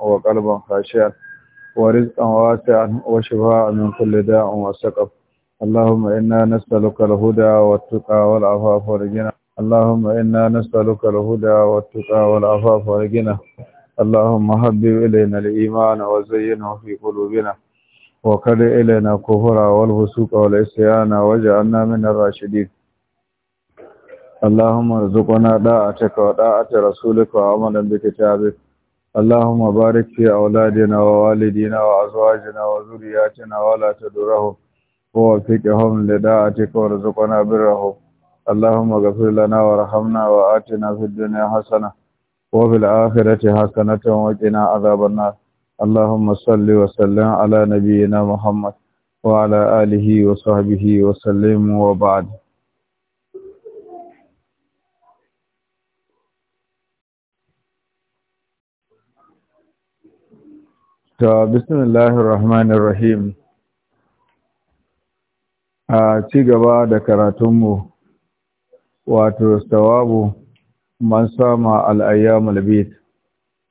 وقلبا خاشعا ورزقا واسعا وشفاء من كل داء وسقف اللهم انا نسالك الهدى والتقى والعفاف والغنى اللهم انا نسالك الهدى والتقى والعفاف والغنى اللهم حبب إلينا الايمان وزينه في قلوبنا وكر الينا الكفر والفسوق والعصيان واجعلنا من الراشدين اللهم ارزقنا طاعتك وطاعة رسولك وعملا بكتابك اللهم بارك في أولادنا ووالدينا وأزواجنا وذرياتنا ولا تدرهم ووفقهم لداعتك ورزقنا برهم اللهم اغفر لنا ورحمنا وآتنا في الدنيا حسنة وفي الآخرة حسنة وقنا عذاب النار اللهم صل وسلم على نبينا محمد وعلى آله وصحبه وسلم وبعده ta bismillahir rahmanir rahim a ci gaba da karatunmu wato sawabu man sama al'ayyamul bit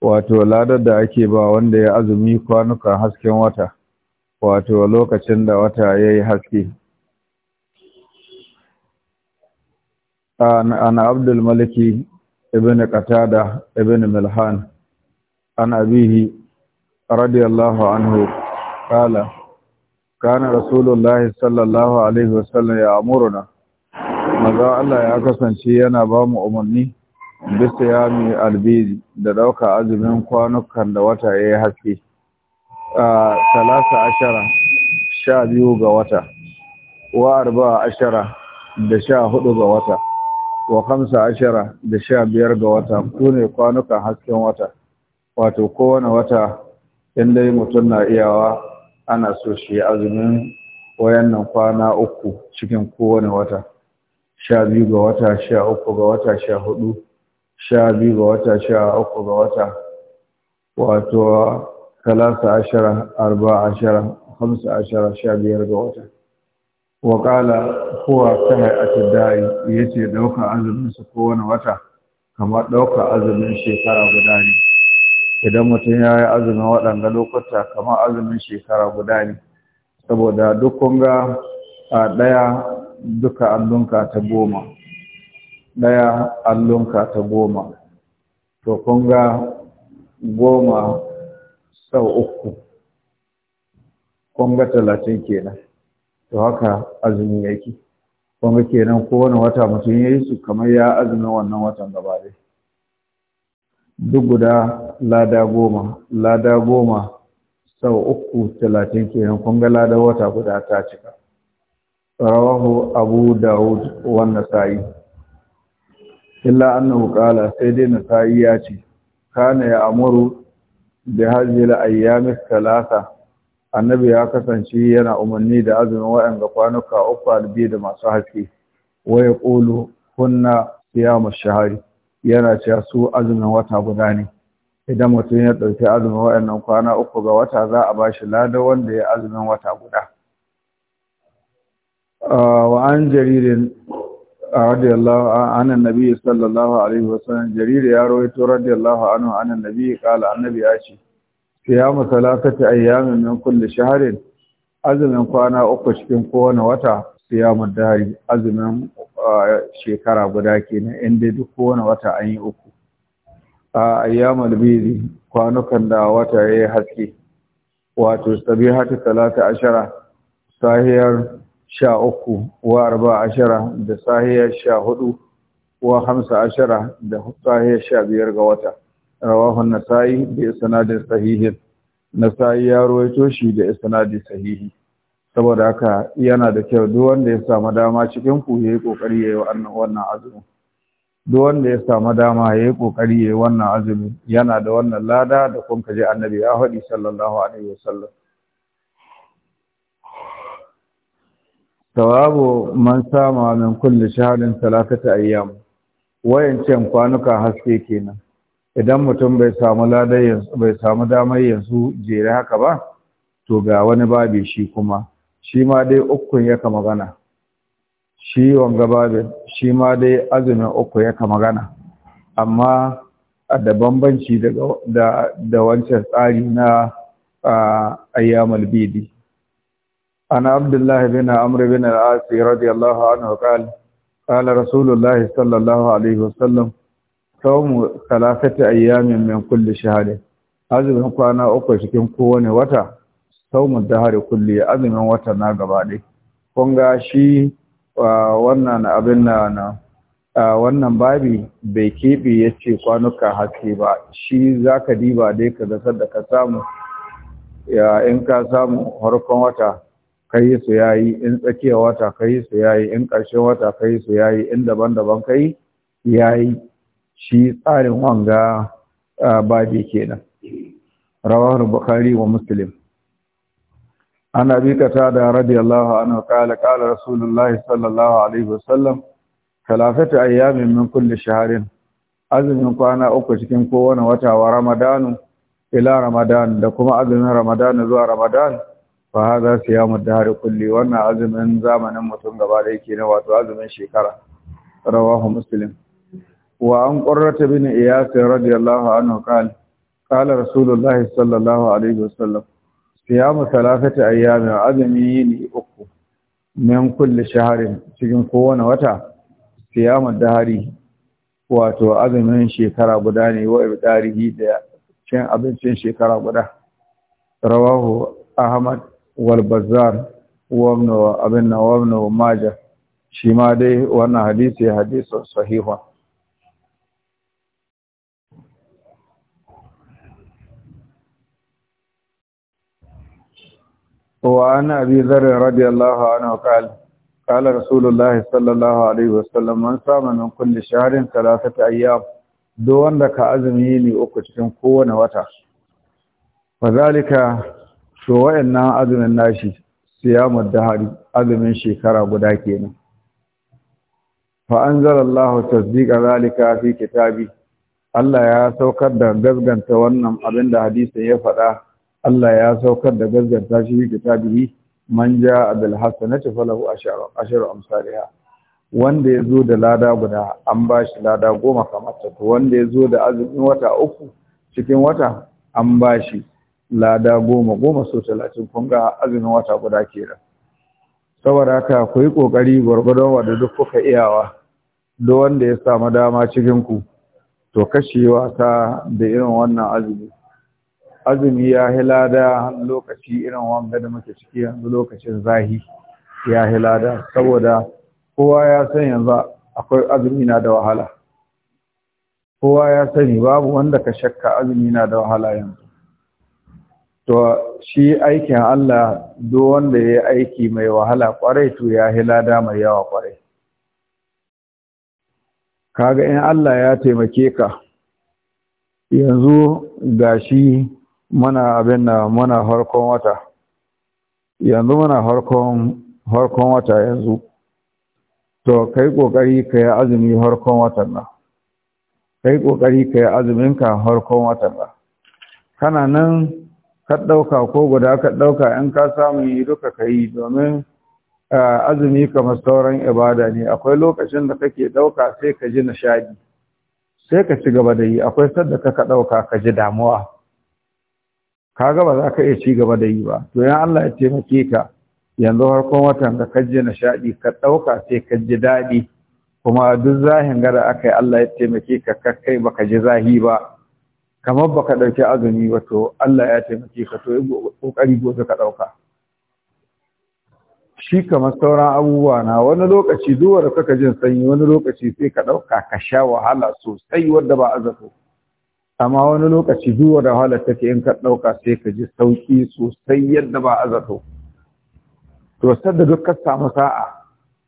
wato ladar da ake ba wanda ya azumi kwanukan hasken wata wato lokacin da wata ya yi haske an abdul maliki ibn qatada ibn milhan an abihi رضي الله عنه قال كان رسول الله صلى الله عليه وسلم يأمرنا maza Allah ya kasance yana ba mu umarni bisa ya mi albizi da dauka azumin kwanukan da wata ya yi haske a talata ashara sha biyu ga wata wa arba ashara da sha hudu ga wata wa kamsa ashara da sha biyar ga wata su ne kwanukan hasken wata wato kowane wata in dai mutum na iyawa ana so shi azumin wayannan kwana uku cikin kowane wata sha biyu ga wata sha uku ga wata sha hudu sha biyu ga wata sha uku ga wata wato talata ashara arba ashara hamsa ashara sha biyar ga wata wakala kowa ta a taddari ya ce ɗauka azumin su kowane wata kamar ɗauka azumin shekara guda ne idan mutum ya yi azumin waɗanda lokuta kamar azumin shekara guda ne saboda duk kunga a ɗaya duka allunka ta goma ɗaya allunka ta goma to kunga goma sau uku kunga talatin kenan to haka azumi yake kunga kenan kowane wata mutum ya yi su kamar ya azumin wannan watan gaba dai duk guda lada goma lada goma sau uku talatin kenan kun ga lada wata guda ta cika rawahu abu dawud wan nasa'i illa annahu qala sai dai na sa'i ya ce kana ya amuru bi hadhihi al-ayyam thalatha annabi ya kasance yana umarni da azumin waɗanda kwanuka uku albi da masu haske waya ƙulu kunna siyamu shahari yana cewa su azumin wata guda ne idan mutum ya ɗauki azumin waɗannan kwana uku ga wata za a ba shi lada wanda ya azumin wata guda ah, wa an jaririn ah, radiyallahu an annabi sallallahu alaihi wasallam jariri ya rawaito radiyallahu anhu an annabi qala annabi ya ce siyamu salatati ayyamin min kulli shahrin azumin kwana uku cikin kowane wata siyamu dari azumin shekara guda kenan in dai duk kowane wata an yi uku a ayyamul bizi kwanukan da wata yayi haske wato sabihatu talata ashara sahiyar sha uku wa arba ashara da sahiyar sha hudu wa hamsa ashara da sahiyar sha biyar ga wata rawahu nasa'i da sanadin sahihin nasa'i ya rawaito shi da isnadi sahihi saboda haka yana da kyau duk wanda ya samu dama cikin ku yayi kokari yayi wannan azumi duk wanda ya samu dama yayi kokari yayi wannan azumi yana da wannan lada da kun kaje annabi ya faɗi sallallahu alaihi wasallam tawabu man sama min kulli shahrin salatata ayyam wayancan kwanuka haske kenan idan mutum bai samu ladayin bai samu damar yanzu jere haka ba to ga wani babi shi kuma shi ma dai ukun yaka magana shi wanga babin shi ma dai azumin uku yaka magana amma da bambanci da wancan tsari na ayyamal bidi ana abdullah bin amr bin al-as radiyallahu anhu qala qala rasulullah sallallahu alaihi wasallam sawmu thalathati ayyamin min kulli shahr azumin kwana uku cikin kowane wata saumun dahari kulli azumin wata na gaba ɗai kun ga shi wannan abin na na wannan babi bai keɓe ya ce kwanuka haske ba shi za ka diba dai ka gasar da ka samu ya in ka samu harkon wata ka yi su yayi in tsakiya wata ka yi su yayi in ƙarshen wata ka yi su yayi in daban-daban ka yi yayi shi tsarin wanga babi kenan rawar bukari wa musulun عن أبي قتادة رضي الله عنه قال قال رسول Sallallahu alaihi الله عليه وسلم ثلاثة أيام من كل شهر azumin kwana uku cikin kowane wata wa ramadanu ila ramadan da kuma azumin Ramadan zuwa ramadan fa hadha siyamu dahri kulli wannan azumin zamanin mutum gaba da yake ne wato azumin shekara rawahu muslim wa an qurrata bin iyas radiyallahu anhu qala qala rasulullahi sallallahu alaihi wasallam siyamu salasati ayyamin azumi ne uku min kulli shaharin cikin kowane wata siyamu dahari wato azumin shekara guda ne wa ibdarihi da cin abincin shekara guda rawahu ahmad wal bazzar wa ibn abin nawab majah shi ma dai wannan hadisi hadisi sahihun وعن أبي ذر رضي الله عنه قال قال رسول الله صلى الله عليه وسلم من صام من كل شهر ثلاثة أيام دون wanda أزميني azumi ne uku cikin kowane wata أزم الناشي wayannan azumin nashi siyamu dahari azumin shekara guda kenan fa anzalallahu tasdiqa fi bi. Allah ya saukar da gasganta wannan abin da hadisin ya faɗa Allah ya saukar da tashi shi ta kitabihi man jaa bil hasanati falahu asharu asharu amsalha wanda ya zo da lada guda an ba shi lada goma kamar ta wanda ya zo da azumin wata uku cikin wata an ba shi lada goma goma so talatin kun ga azumin wata guda kenan saboda haka ku yi ƙoƙari gwargwadon wanda duk kuka iyawa da wanda ya samu dama cikin ku to kashe wasa da irin wannan azumi azumi ya hilada lokaci irin wanda da muke ciki yanzu lokacin zahi ya hilada saboda kowa ya san yanzu akwai azumi na da wahala kowa ya sani babu wanda ka shakka azumi na da wahala yanzu to shi aikin Allah duk wanda ya aiki mai wahala kwarai to ya hilada mai yawa kwarai kaga in Allah ya taimake ka yanzu gashi muna abin na muna harkon wata yanzu muna harkon harkon wata yanzu to kai kokari ka azumi harkon watan nan kai kokari ka yi azumin ka harkon watan nan kana nan ka dauka ko guda ka dauka in ka samu yi duka ka yi domin azumi kamar sauran ibada ne akwai lokacin da kake ɗauka sai ka ji nishadi sai ka ci gaba da yi akwai sadda ka ka dauka ka ji damuwa Ka ga ba za ka iya ci gaba da yi ba to ya Allah ya taimake ka yanzu har harkon watan ka kaji nishaɗi ka ɗauka sai ka ji daɗi kuma duk zahin gara aka yi Allah ya taimake ka kai baka ji zahi ba kamar baka ɗauki azumi ba to Allah ya taimake ka to kokari gobe ka ɗauka shi kamar sauran abubuwa na wani lokaci duwar kaka jin sanyi wani lokaci sai ka ɗauka ka sha wahala sosai wadda ba a zato amma wani lokaci duk da halar take in ka ɗauka sai ka ji sauƙi sosai yadda ba a zato to sadda duk ka samu sa'a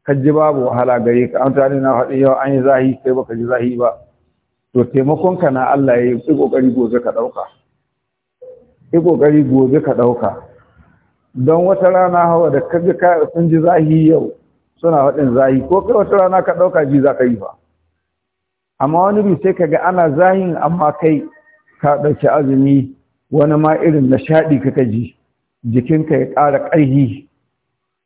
ka ji babu wahala gare ka an tare na faɗi yau an yi zahi sai baka ji zahi ba to taimakon ka na Allah ya yi ƙoƙari gobe ka ɗauka yi ƙoƙari gobe ka ɗauka don wata rana hawa da ka sun ji zahi yau suna faɗin zahi ko kai wata rana ka ɗauka ji za ka yi ba amma wani bi sai kaga ana zahin amma kai ka ɗauki azumi wani ma irin nishaɗi kaka ji jikinka ya ƙara ƙarfi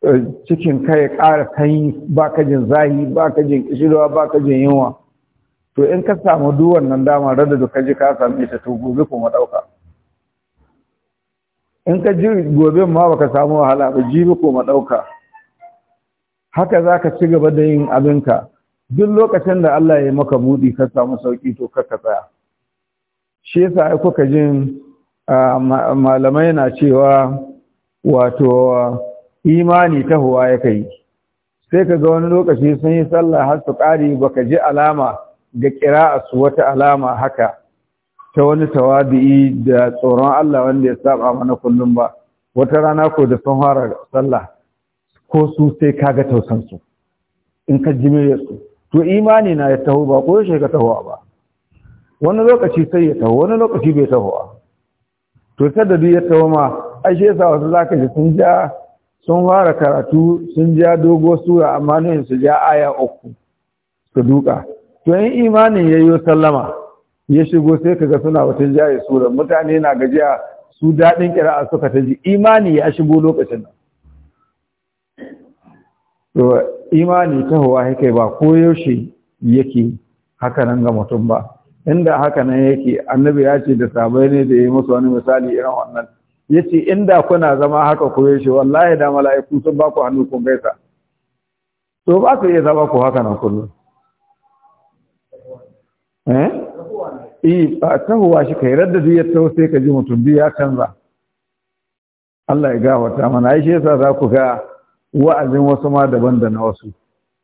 eh, cikinka ya ƙara sanyi ba ka jin zahi ba ka jin ƙishirwa, ba ka jin yunwa to in ka samu duk wannan dama rada da ka ji ka same ta to gobe kuma ɗauka in ka ji gobe ma baka samu wahala ba jibi kuma ɗauka haka za ka ci gaba da yin abinka duk lokacin da Allah ya maka buɗi ka samu sauki to kaka tsaya shi yasa ai kuka jin malamai na cewa wato imani ta huwa ya kai sai ka ga wani lokaci sun yi sallah har su ƙari baka ji alama ga a su wata alama haka ta wani tawabi'i da tsoron Allah wanda ya saba mana kullum ba wata rana ko da sun fara sallah ko su sai kaga tausansu in ka ji mai to imani na ya taho ba ko shi ka taho ba wani lokaci sai ya taho wani lokaci bai taho to sai da ya taho ma ai shi yasa wasu zaka ji sun ja sun fara karatu sun ja dogo sura amma ne su ja aya uku su duka to in imanin yayyo sallama ya shigo sai kaga suna wata jaye sura mutane na gajiya su daɗin kira'a suka ta ji imani ya shigo lokacin nan to imani huwa yake ba ko yaushe yake haka nan ga mutum ba inda haka nan yake annabi ya ce da sabai ne da ya yi musu wani misali irin wannan ya ce inda kuna zama haka ko yaushe wallahi da mala'iku sun ba ku hannu kun gaisa to ba su iya zama ku haka nan kullum eh eh ba tahowa shi kai radda duk ya sai ka ji mutum biyu canza Allah ya gafarta mana ai shi yasa za ku ga wa'azin wasu ma daban da na wasu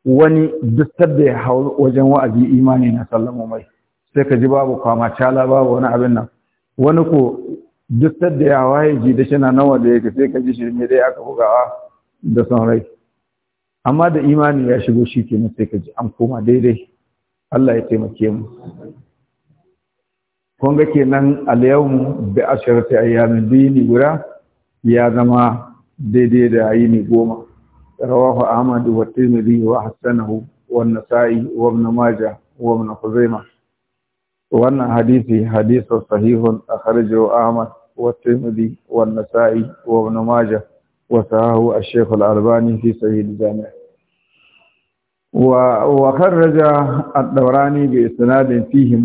wani duk da ya hau wajen wa'azi imani na sallama mai sai ka ji babu kwama cala babu wani abin nan wani ko duk da ya waye ji da shina nawa da yake sai ka ji shi ne dai aka bugawa da son rai amma da imani ya shigo shi kenan sai ka ji an koma daidai Allah ya taimake mu kun ga kenan al-yawm bi ashrati ayyamin dini guda ya zama daidai da yini goma رواه أحمد والترمذي وحسنه والنسائي وابن ماجه وابن خزيمة وأن حديثي حديث صحيح أخرجه أحمد والترمذي والنسائي وابن ماجه وسعاه الشيخ الألباني في صحيح الجامع وخرج الدوراني بإسناد فيه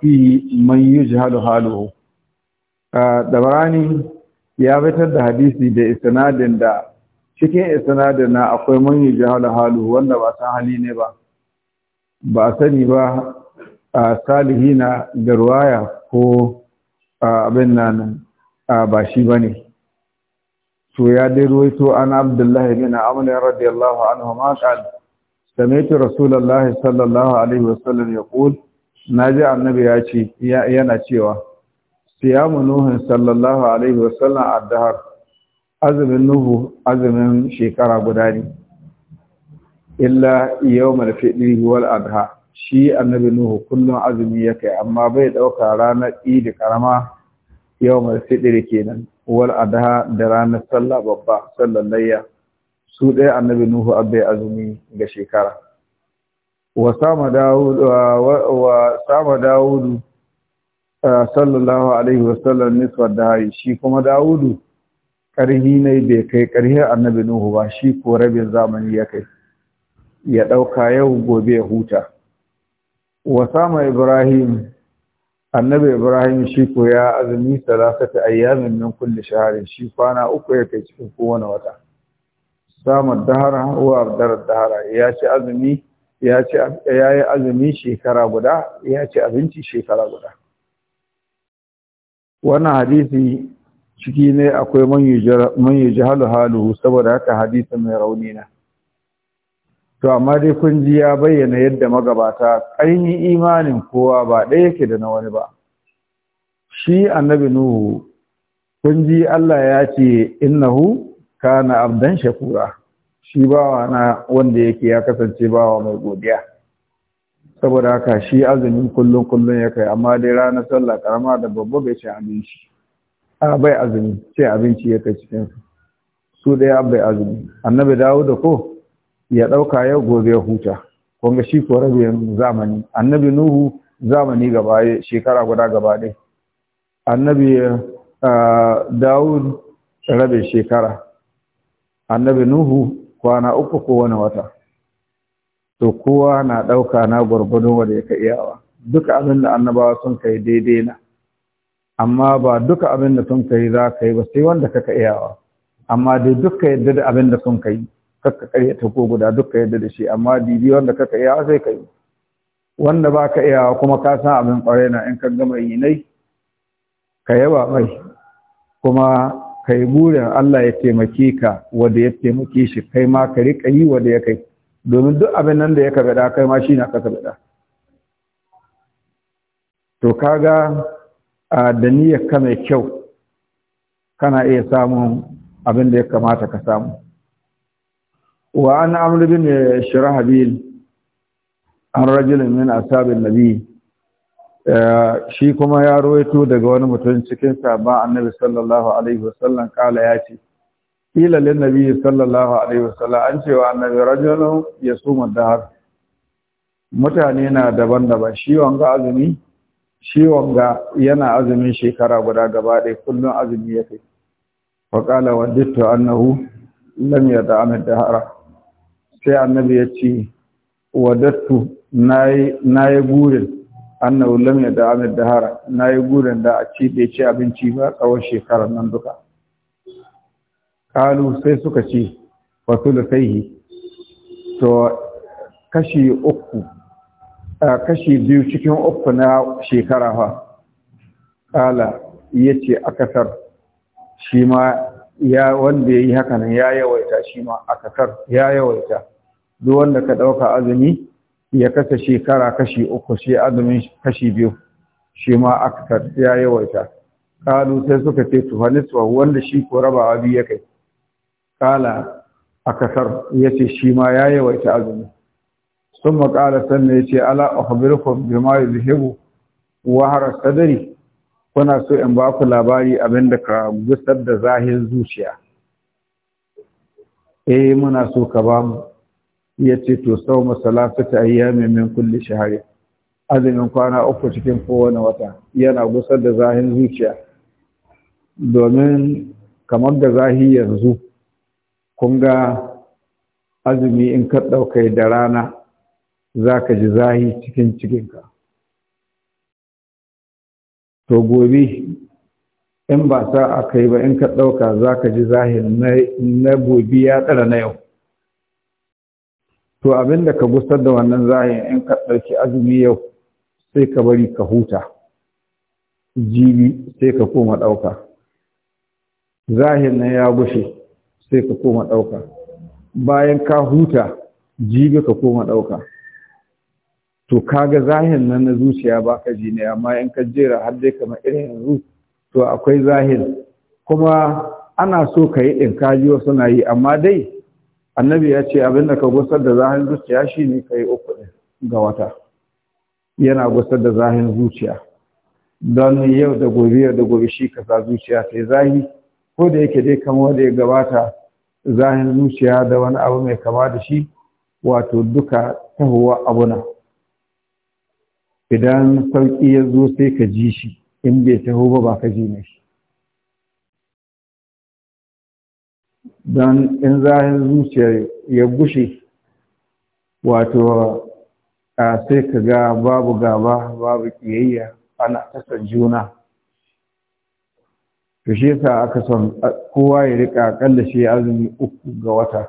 فيه من يجهل حاله الدوراني ya fitar da cikin isnadin na akwai man jihar halu wanda ba san hali ne ba ba sani ba a na da ruwaya ko abin nan ba shi ne to ya dai ruwaito an abdullahi bin amina radiyallahu anhu ma qala سمعت رسول alaihi صلى ya عليه na ji annabi ya ce yana cewa siyamu nuhin sallallahu alaihi wasallam ad-dahr azumin nuhu azumin shekara guda ne illa yawmal fitri wal adha shi annabi nuhu kullum azumi yake amma bai dauka ranar idi karama yawmal fitri kenan wal adha da ranar sallah babba sallar layya su ɗaya annabi nuhu abai azumi ga shekara wa sama dawudu wa sama dawudu eh, sallallahu alaihi wasallam nisfa dahari shi kuma dawudu ƙarhi ne bai kai ƙarhi annabi Nuhu ba shi ko rabin zamani ya kai ya ɗauka yau gobe ya huta wa sama Ibrahim annabi Ibrahim shi ko ya azumi salasata ayyamin min kulli shahrin shi kwana uku ya kai cikin kowane wata sama dahara wa abdar dahara ya ci azumi ya ci ya yi azumi shekara guda ya ci abinci shekara guda wannan hadisi ciki ne akwai man yi jihalu haluhu saboda haka hadisun mai rauni na to amma dai kun ji ya bayyana yadda magabata ƙarni imanin kowa ba ɗaya yake da na wani ba shi annabi nuhu kun ji Allah ya ce innahu kana abdan shakura shi bawa na wanda yake ya kasance bawa mai godiya saboda haka shi azumin kullum kullum ya kai amma dai ranar sallah karama da babba bai ci abinci a bai azumi sai abinci ya kai cikin su ɗaya bai azumi annabi dawo da ko ya ɗauka yau gobe ya huta kunga shi ko rabin zamani annabi nuhu zamani gaba shekara guda gaba ɗaya annabi dawud rabin shekara annabi nuhu kwana uku ko wani wata to kowa na ɗauka na gwargwadon wanda ya iyawa duka abin da annabawa sun kai daidai na amma ba duka abin da sun kai za ka yi ba sai wanda kaka iyawa amma dai duka yadda da abin da sun kai kakka karyata ko guda duka yadda da shi amma didi wanda kaka iyawa sai ka yi wanda ba ka iyawa kuma ka san abin kwarai na in ka gama yi nai ka yaba mai kuma ka yi burin Allah ya taimake ka wanda ya taimake shi kai ma ka riƙa yi wanda ya kai domin duk abin nan da ya ka gada kai ma shi na ka gada to kaga da niyyar ka mai kyau kana iya samun abin da ya kamata ka samu wa an ne bin habil an rajulin min ashabin nabi eh, shi kuma ya rawaito daga wani mutum cikin sabon annabi sallallahu alaihi wasallam kala ya ce ila lin nabi sallallahu alaihi wasallam an ce wa annabi rajulun yasum ad mutane na daban-daban shi wanga azumi ciwon ga yana azumin shekara guda gaba ɗaya kullum azumi ya kai faƙala wa ditto annahu lam ya da amir da hara sai annabi ya ce wa dattu na yi gurin annahu lam ya da amir da hara na yi gurin da a ci bai ci abinci ba tsawon shekarar nan duka kalu sai suka ce wasu da kai to kashi uku kashi biyu cikin uku na shekara fa Ƙala ya ce akasar shi ma ya wanda ya yi hakanan ya yawaita shi ma akasar ya yawaita duk wanda ka ɗauka azumi ya kasa shekara kashi uku shi azumin kashi biyu shi ma akasar ya yawaita ƙalu sai suka ce tuhaniswa wanda shi ko rabawa biyu ya kai a akasar ya ce shi ma ya yawaita azumi sun makala sannan ya ce ala akhbirukum bima yuzhibu wa sadari, kuna so in ba ku labari abin da ka gusar da zahin zuciya eh muna so ka ba mu ya ce to sau masalatata ayyamin min kulle shahari azumin kwana uku cikin kowane wata yana gusar da zahin zuciya domin kamar da zahi yanzu kun ga azumi in ka ɗaukai da rana za ka ji zahi cikin cikinka to gobe in ba sa aka yi ba in ka ɗauka za ka ji zahi na gobe ya tsara na yau to abin da ka gusar da wannan zahi in ka ɗauki azumi yau sai ka bari ka huta jibi sai ka koma ɗauka zahin nan ya gushe sai ka koma ɗauka bayan ka huta jibi ka koma ɗauka to kaga zahin nan na zuciya ba ka ji ne amma in ka jera har dai kamar irin yanzu to akwai zahir kuma ana so ka yi in ka ji wasu na yi amma dai annabi ya ce abin da ka gusar da zahin zuciya shine ka yi uku ga wata yana gusar da zahin zuciya don yau da gobe yau da gobe shi kasa zuciya ta yi zahi ko da yake dai kamar wanda ya gabata zahin zuciya da wani abu mai kama da shi wato duka tahowa abuna idan sauƙi ya zo sai ka ji shi in bai taho ba ba ka ji na shi don in zahin zuciya ya gushe wato a sai ka ga babu gaba babu ƙiyayya ana tasar juna to shi yasa aka son kowa ya riƙa aƙalla shi azumi uku ga wata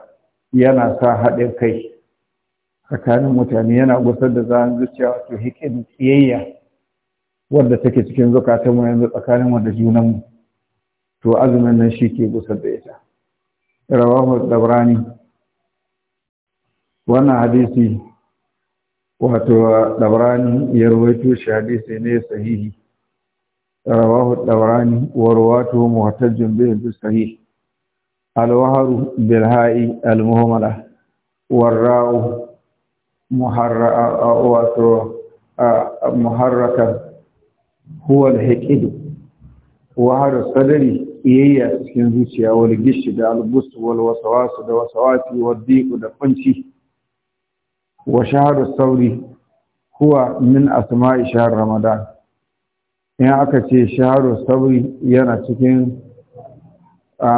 yana sa haɗin kai tsakanin mutane yana gusar da zan zuciya wato hikin tsiyayya wadda take cikin zukatanmu yanzu tsakanin mu da junanmu to azumin nan shi ke gusar da ita rawahu dabrani wannan hadisi wato dabrani ya rawaito shi hadisi ne sahihi rawahu dabrani wa rawatu muhtajjun bihi sahih al-wahru bil ha'i al-muhmala والراء Muharraka muharrakan huwal haƙidu wahar sadari iyayya cikin zuciya wal gishi da albus wal wasawasu da wasawati wal diku da kunci wa shahar sauri huwa min asma'i shahar ramadan in aka ce shahar sauri yana cikin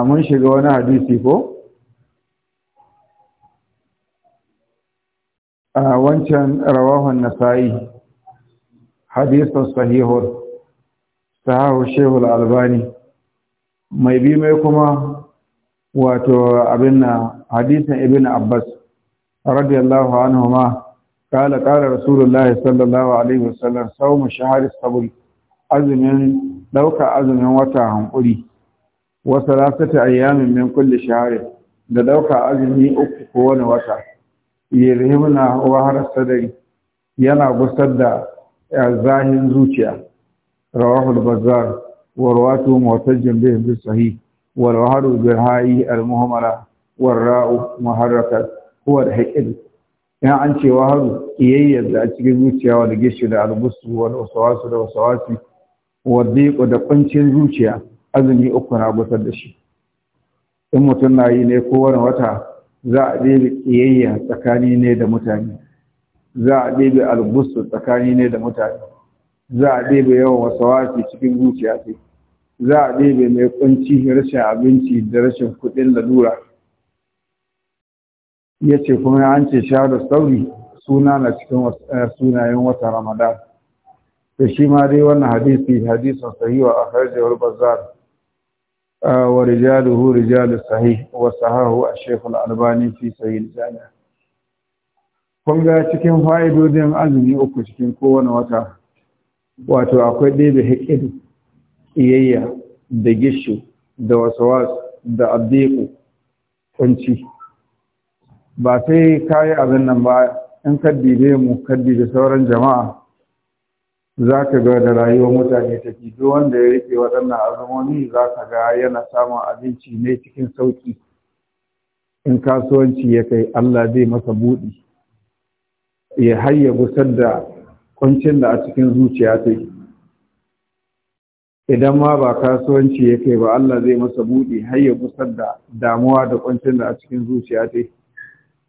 mun shiga wani hadisi ko a wancan rawahun nasa'i hadisun sahihun sahahu shehul albani mai bi mai kuma wato abin na hadisin ibn abbas radiyallahu anhu ma kala kala rasulullahi sallallahu alaihi wasallam saumu shahari sabul azumin dauka azumin wata hankuri wasu rasata ayyamin min kulli shahari da dauka azumi uku ko wani wata yirhimna wahar sadari yana gusar da zahin zuciya rawahul Bazar, wa rawatu mutajjim bihi bi sahih Birhayi, waharu bil al muhammara wal ra'u muharrakat huwa al ya an ce haru iyayyar da a cikin zuciya wa da gishi da albusu wal wasawasu da wasawasi wa diqu da kuncin zuciya azumi uku na gusar da shi in mutum na yi ne kowane wata za a ɗebe ƙiyayya tsakani ne da mutane za a ɗebe albusu tsakani ne da mutane za a ɗebe yawan wafi cikin zuciya ce za a ɗebe mai kunci rashin abinci da rashin kuɗin lalura ya ce kuma an ce shahadar sauri suna na cikin eh, sunayen wata ramadan da shi ma dai wannan hadisi hadisin sahiwa a harjewar bazar wa rijaluhu rijalus sahih wa sahahu ash-shaykh al-albani fi sahih al-jami' kun ga cikin fa'idodin azumi uku cikin kowane wata wato akwai ɗebe hikidu iyayya da gishu da wasu da abdiku kunci ba sai kayi abin nan ba in kaddibe mu kaddibe sauran jama'a za ka ga da rayuwar mutane take duk wanda ya rike waɗannan azumomi za ka ga yana samun abinci ne cikin sauƙi in kasuwanci ya kai Allah zai masa buɗi ya hayya gusar da kwancin da a cikin zuciya ta idan ma ba kasuwanci ya kai ba Allah zai masa buɗi hayya gusar da damuwa da kwancin da a cikin zuciya ta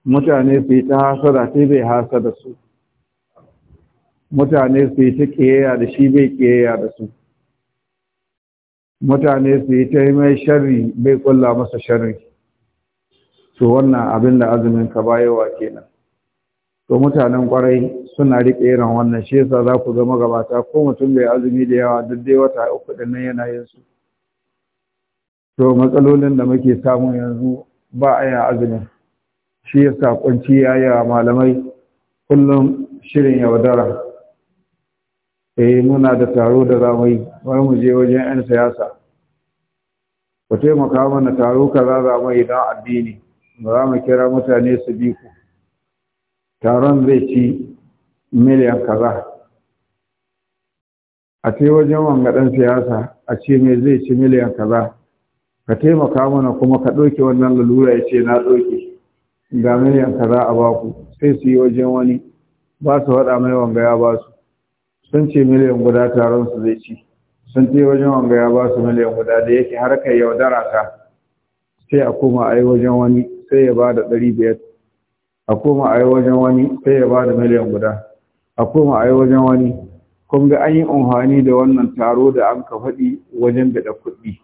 mutane su yi ta hasada sai bai hasada su mutane su yi ta ƙiyayya da shi bai ƙiyayya da su mutane su yi ta mai sharri bai kulla masa sharri to wannan abin da azumin ka bayewa kenan to mutanen kwarai suna riƙe irin wannan shi yasa za ku zama gabata ko mutum bai azumi da yawa duk dai wata uku din nan yana yin su to matsalolin da muke samu yanzu ba a yin azumin shi yasa kunci ya wa malamai kullum shirin yaudara eh muna da taro da za mu yi bari mu je wajen 'yan siyasa ku taimaka mana taro kaza za mu yi don addini ba za mu kira mutane su bi ku taron zai ci miliyan kaza a ce wajen wanga ɗan siyasa a ce mai zai ci miliyan kaza ka taimaka mana kuma ka ɗauke wannan lalura ya ce na ɗauke ga miliyan kaza a baku sai su yi wajen wani ba su faɗa mai wanga ya ba su sun ce miliyan guda taron su zai ci sun ce wajen wanga ya ba su miliyan guda da yake har kai yaudara ta sai a koma a yi wajen wani sai ya ba da ɗari biyar a koma a yi wajen wani sai ya ba da miliyan guda a koma a yi wajen wani kun ga an yi unhani da wannan taro da an ka faɗi wajen biɗa kuɗi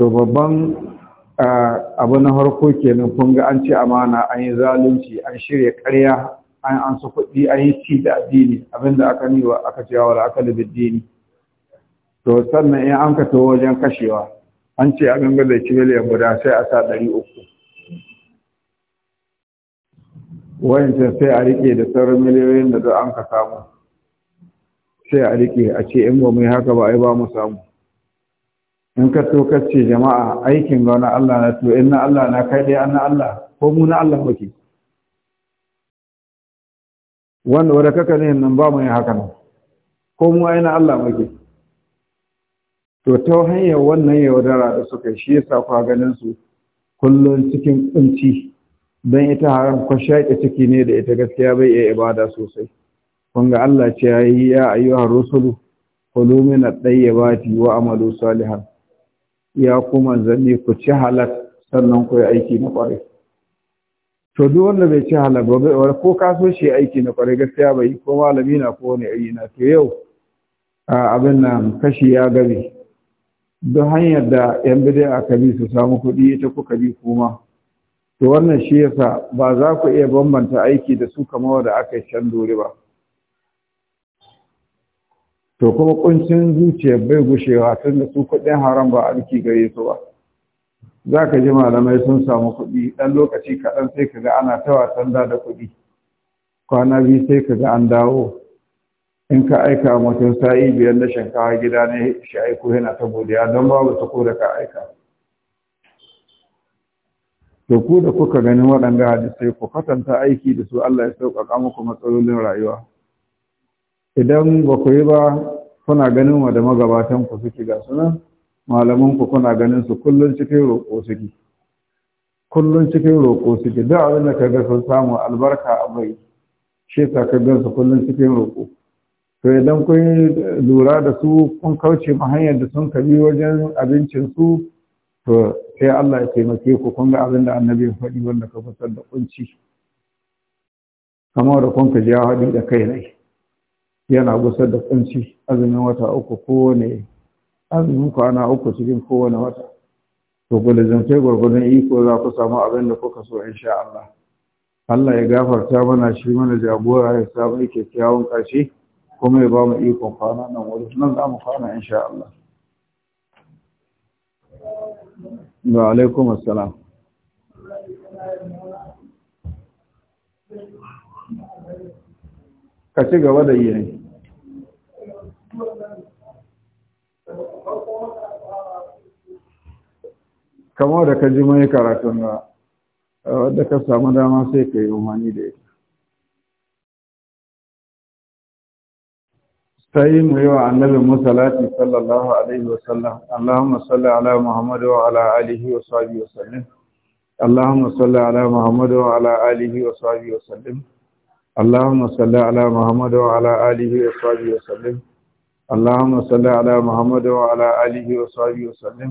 to babban abu na harko kenan kun ga an ci amana an yi zalunci an shirya ƙarya an an su kuɗi a yi ci da addini abinda aka ni wa aka ce wala aka da addini to sannan in an ka to wajen kashewa an ce a ganga da ci miliyan guda sai a sa ɗari uku wayancin sai a riƙe da sauran miliyoyin da duk an ka samu sai a riƙe a ce in ba yi haka ba ai ba mu samu in ka to kace jama'a aikin ga wani Allah na to in na Allah na kai dai an na Allah ko mu na Allah muke wanda wadda kaka ne nan ba mu yi haka nan ko mu aina Allah muke to ta hanyar wannan ya yaudara da suka shi ya sa kwa ganin su kullun cikin kunci dan ita haram ko shaƙe ciki ne da ita gaskiya bai iya ibada sosai kun ga Allah ce yayi ya ayyuhar rusulu kulu min at-tayyibati wa amalu salihan ya kuma zanni ku ci halal sannan ku yi aiki na ƙwarai to duk wanda bai ci halal ba ko ka so shi aiki na kwarai gaskiya bai ko malami na ko wani ayi na to yau abin nan kashi ya gabe don hanyar da yan bidai aka bi su samu kuɗi ita kuka bi kuma to wannan shi yasa ba za ku iya bambanta aiki da su kamar da aka yi can dore ba to kuma kuncin zuciya bai gushewa tun da su kuɗin haram ba aiki gare su ba za ka ji malamai sun samu kuɗi ɗan lokaci kaɗan sai ka ga ana ta wasan da da kuɗi kwana biyu sai ka ga an dawo in ka aika mutum sa'i biyar na shinkawa gida ne shi aiko yana ta godiya don babu ta ka aika to ku da kuka ganin waɗanda hadisai ku kwatanta aiki da su Allah ya sauƙaƙa muku matsalolin rayuwa idan ba ku yi ba kuna ganin wa da magabatan ku suke ga sunan malaman ku kuna ganin su kullun cikin roƙo suke kullun cikin roƙo suke duk abin da kaga sun samu albarka a bai shi ka gan su kullun cikin roƙo to idan kun lura da su kun kauce ma hanyar da sun kabi wajen abincin su to sai Allah ya taimake ku kun ga abin da annabi ya faɗi wanda ka fasar da kunci kamar da kun ka ji ya haɗi da kai ne yana gusar da kunci azumin wata uku kowane azumin kwana uku cikin kowane wata to gulazantai gwargwadon iko za ku samu abin da kuka so insha Allah Allah ya gafarta mana shi mana jagora ya samu kyawun ƙarshe kuma ya ba mu ikon kwana nan wuri nan za mu kwana insha Allah wa alaikum assalam ka ci gaba da yi kama da ka ji mai karatun da eh, wadda ka samu dama sai ka yi umarni da ita sai mu yi wa annabi musalati sallallahu alaihi wasallam Allahumma salli ala Muhammadu wa ala alihi wa sahbihi wa sallim Allahumma salli ala Muhammadu wa ala alihi wa sahbihi wa sallim Allahumma salli ala Muhammadu wa ala alihi wa sahbihi wa sallim Allahumma salli ala Muhammadu wa ala alihi wa sahbihi wa sallim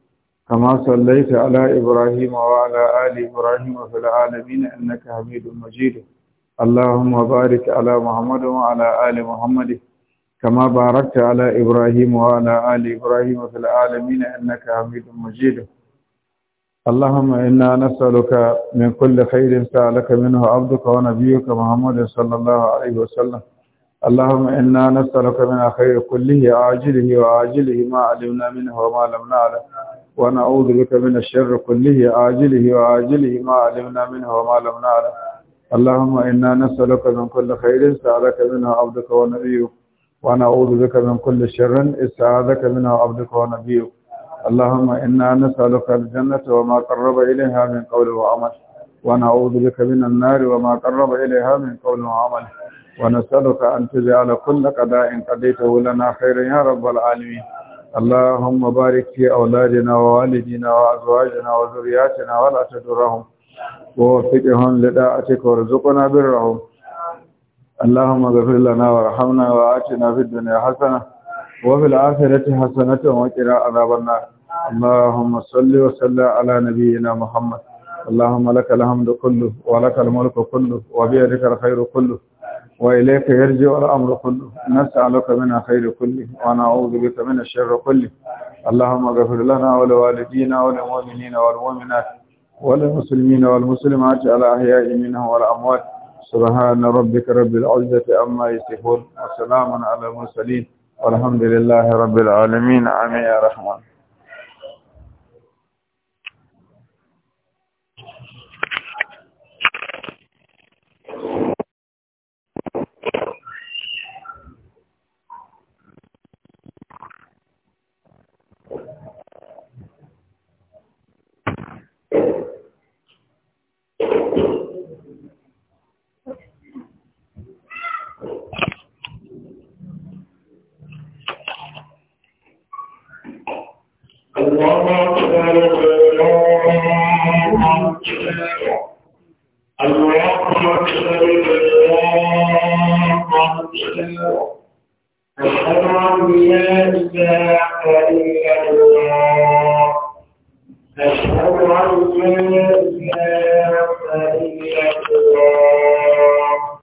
كما صليت على إبراهيم وعلى آل إبراهيم في العالمين إنك حميد مجيد اللهم بارك على محمد وعلى آل محمد كما باركت على إبراهيم وعلى آل إبراهيم في العالمين إنك حميد مجيد اللهم إنا نسألك من كل خير سألك منه عبدك ونبيك محمد صلى الله عليه وسلم اللهم إنا نسألك من خير كله عاجله وعاجله ما علمنا منه وما لم نعلم ونعوذ بك من الشر كله عاجله وعاجله ما علمنا منه وما لم نعلم اللهم إنا نسألك من كل خير استعاذك منه عبدك ونبيك ونعوذ بك من كل شر استعاذك منه عبدك ونبيك اللهم إنا نسألك الجنة وما قرب إليها من قول وعمل ونعوذ بك من النار وما قرب إليها من قول وعمل ونسألك أن تجعل كل قضاء قضيته لنا خيرا يا رب العالمين اللهم بارك في أولادنا ووالدينا وأزواجنا وذرياتنا ولا تدرهم ووفقهم لداعتك وارزقنا برهم اللهم اغفر لنا وارحمنا وآتنا في الدنيا حسنة وفي الآخرة حسنة وقنا عذاب النار اللهم صل وسلم على نبينا محمد اللهم لك الحمد كله ولك الملك كله وبيدك الخير كله وإليك يرجع الأمر كله نسألك من خير كله ونعوذ بك من الشر كله اللهم اغفر لنا ولوالدينا وللمؤمنين والمؤمنات وللمسلمين والمسلمات على أحياء منهم والأموات سبحان ربك رب العزة أما يصفون وسلام على المرسلين والحمد لله رب العالمين آمين يا رحمن